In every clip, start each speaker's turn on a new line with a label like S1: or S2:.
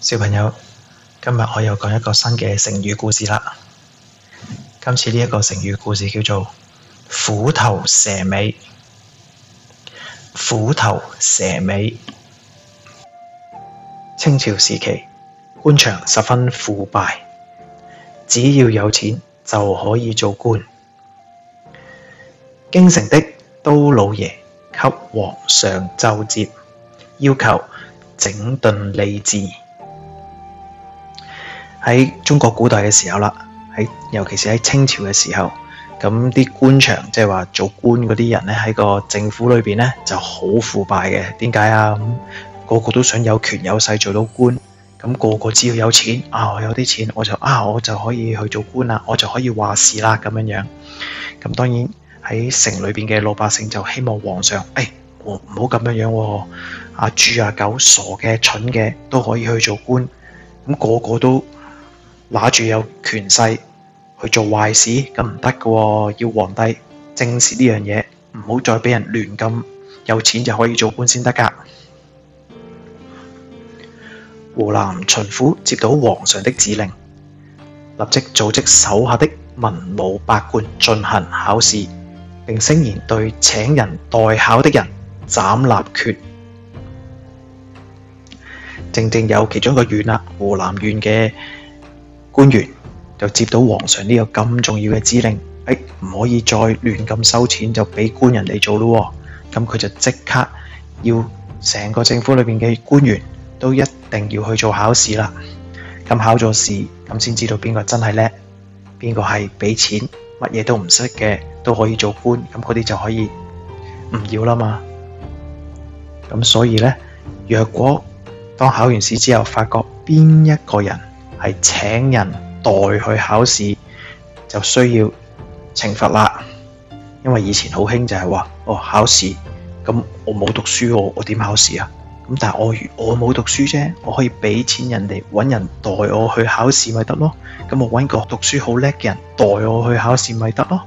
S1: 小朋友，今日我又講一個新嘅成語故事啦。今次呢一個成語故事叫做虎頭蛇尾。虎頭蛇尾。清朝時期，官場十分腐敗，只要有錢就可以做官。京城的都老爺給皇上奏折，要求整頓吏治。喺中國古代嘅時候啦，喺尤其是喺清朝嘅時候，咁啲官場即係話做官嗰啲人呢，喺個政府裏邊呢就好腐敗嘅。點解啊？咁、嗯、個個都想有權有勢做到官，咁個個只要有錢啊，我有啲錢我就啊，我就可以去做官啦，我就可以話事啦咁樣樣。咁當然喺城裏邊嘅老百姓就希望皇上，誒、哎，唔好咁樣樣、啊、喎。阿豬啊狗，傻嘅蠢嘅都可以去做官，咁、那個個都。拿住有權勢去做壞事，咁唔得噶喎！要皇帝正視呢樣嘢，唔好再俾人亂咁有錢就可以做官先得噶。湖南巡撫接到皇上的指令，立即組織手下的文武百官進行考試，並聲言對請人代考的人斬立決。正正有其中一個縣啊，湖南縣嘅。官員就接到皇上呢個咁重要嘅指令，誒，唔可以再亂咁收錢，就俾官人嚟做咯。咁佢就即刻要成個政府裏邊嘅官員都一定要去做考試啦。咁考咗試，咁先知道邊個真係叻，邊個係俾錢，乜嘢都唔識嘅都可以做官，咁嗰啲就可以唔要啦嘛。咁所以呢，若果當考完試之後，發覺邊一個人，係請人代去考試，就需要懲罰啦。因為以前好興就係話，哦，考試，咁我冇讀書，我點考試啊？咁但係我如我冇讀書啫，我可以俾錢人哋搵人代我去考試咪得咯？咁我搵個讀書好叻嘅人代我去考試咪得咯？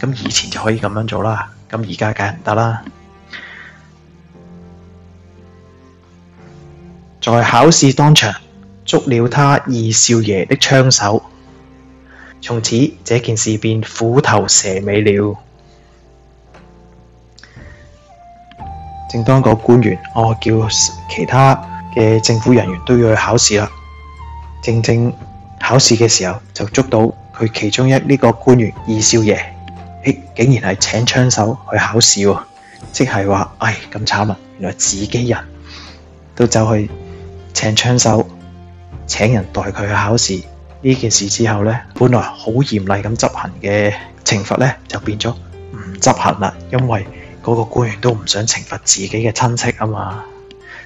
S1: 咁以前就可以咁樣做啦。咁而家梗係唔得啦。在考試當場。捉了他二少爺的槍手，從此這件事變虎頭蛇尾了。正當個官員，我叫其他嘅政府人員都要去考試啦，正正考試嘅時候就捉到佢其中一呢個，個官員二少爺，竟然係請槍手去考試，即係話，唉，咁慘啊！原來自己人都走去請槍手。請人代佢去考試呢件事之後呢，本來好嚴厲咁執行嘅懲罰呢，就變咗唔執行啦，因為嗰個官員都唔想懲罰自己嘅親戚啊嘛。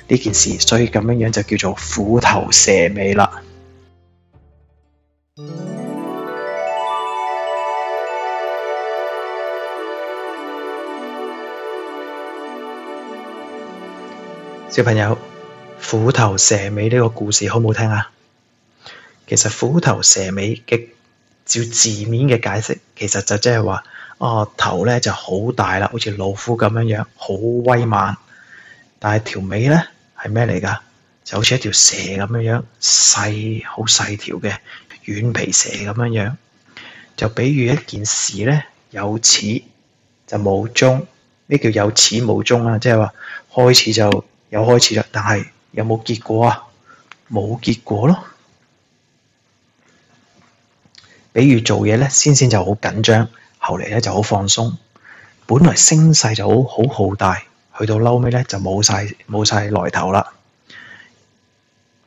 S1: 呢件事，所以咁樣樣就叫做虎頭蛇尾啦。 小朋友，虎頭蛇尾呢個故事好唔好聽啊？其實虎頭蛇尾嘅，照字面嘅解釋，其實就即係話，啊、哦、頭咧就好大啦，好似老虎咁樣樣，好威猛。但係條尾咧係咩嚟㗎？就好似一條蛇咁樣樣，細好細條嘅軟皮蛇咁樣樣。就比如一件事咧，有始就冇終。咩叫有始冇終啊？即係話開始就有開始啦，但係有冇結果啊？冇結果咯。比喻做嘢咧，先先就好緊張，後嚟咧就好放鬆。本來聲勢就好好浩大，去到嬲尾咧就冇晒冇曬來頭啦。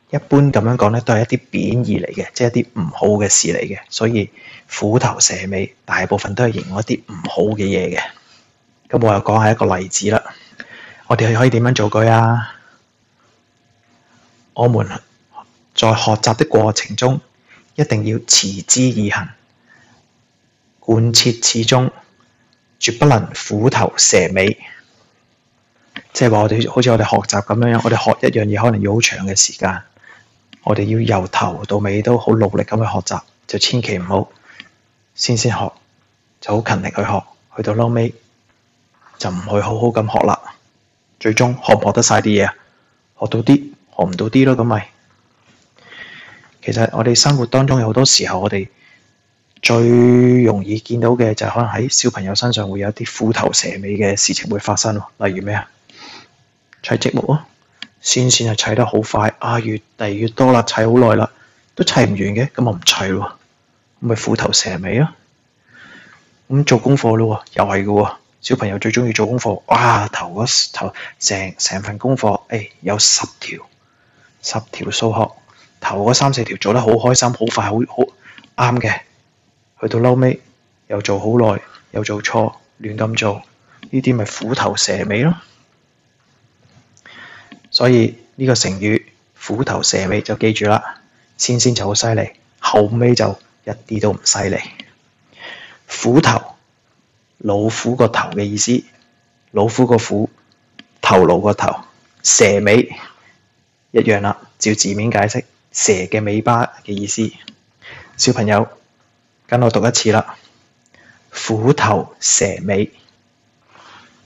S1: 一般咁樣講咧，都係一啲貶義嚟嘅，即係一啲唔好嘅事嚟嘅。所以虎頭蛇尾，大部分都係形容一啲唔好嘅嘢嘅。咁我又講一下一個例子啦。我哋可以點樣造句啊？我們在學習的過程中，一定要持之以恒，貫徹始終，絕不能虎頭蛇尾。即係話我哋好似我哋學習咁樣樣，我哋學一樣嘢可能要好長嘅時間，我哋要由頭到尾都好努力咁去學習，就千祈唔好先先學，就好勤力去學，去到嬲尾就唔去好好咁學啦。最終學唔學得晒啲嘢？學到啲，學唔到啲咯，咁咪。其實我哋生活當中有好多時候，我哋最容易見到嘅就可能喺小朋友身上會有一啲虎頭蛇尾嘅事情會發生，例如咩啊？砌積木咯，算算係砌得好快，啊越嚟越多啦，砌好耐啦，都砌唔完嘅，咁我唔砌咯，咁咪虎頭蛇尾咯。咁做功課咯，又係嘅，小朋友最中意做功課，哇頭個頭成成份功課，誒、哎、有十條，十條數學。頭嗰三四條做得好開心，好快，好好啱嘅。去到嬲尾，又做好耐，又做錯，亂咁做，呢啲咪虎頭蛇尾咯。所以呢個成語虎頭蛇尾就記住啦。先先就好犀利，後尾就一啲都唔犀利。虎頭，老虎個頭嘅意思，老虎個虎，頭腦個頭，蛇尾，一樣啦，照字面解釋。蛇嘅尾巴嘅意思，小朋友，跟我讀一次啦，虎頭蛇尾。